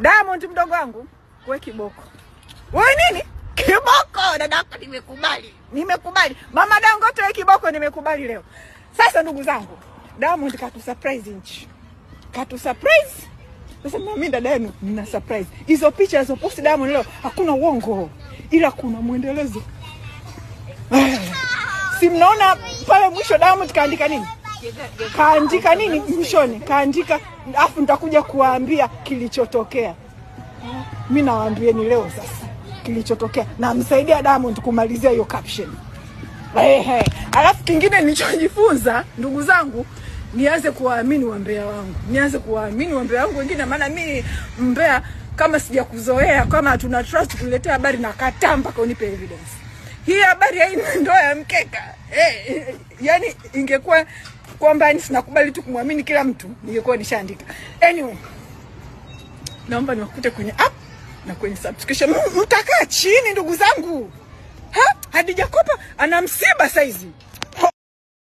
Diamond mdogo wangu, we kiboko wewe nini kiboko, dadako, nimekubali nimekubali. Mama Dangote we kiboko, nimekubali leo. Sasa ndugu zangu, Diamond surprise nchi, surprise sasa. Mimi dada yenu nina surprise. Hizo picha alizoposti Diamond leo hakuna uongo, ila kuna mwendelezo. Si mnaona pale mwisho Diamond kaandika nini? kaandika nini mwishoni, kaandika afu nitakuja kuwaambia kilichotokea. Mi ni leo sasa kilichotokea, namsaidia Diamond kumalizia hiyo caption. Ehe, alafu kingine nilichojifunza ndugu zangu, nianze kuwaamini wambea wangu, nianze kuwaamini wambea wangu wengine, maana mi mbea kama sijakuzoea, kama tuna trust kuletea habari, kataa mpaka unipe evidence hii habari ya ndoa ya mkeka eh, yani ingekuwa kwamba sinakubali tu kumwamini kila mtu ningekuwa nishaandika. Anyway, naomba niwakute kwenye app na kwenye subscription. Mtakaa chini ndugu zangu, ha hadijakopa ana msiba saizi.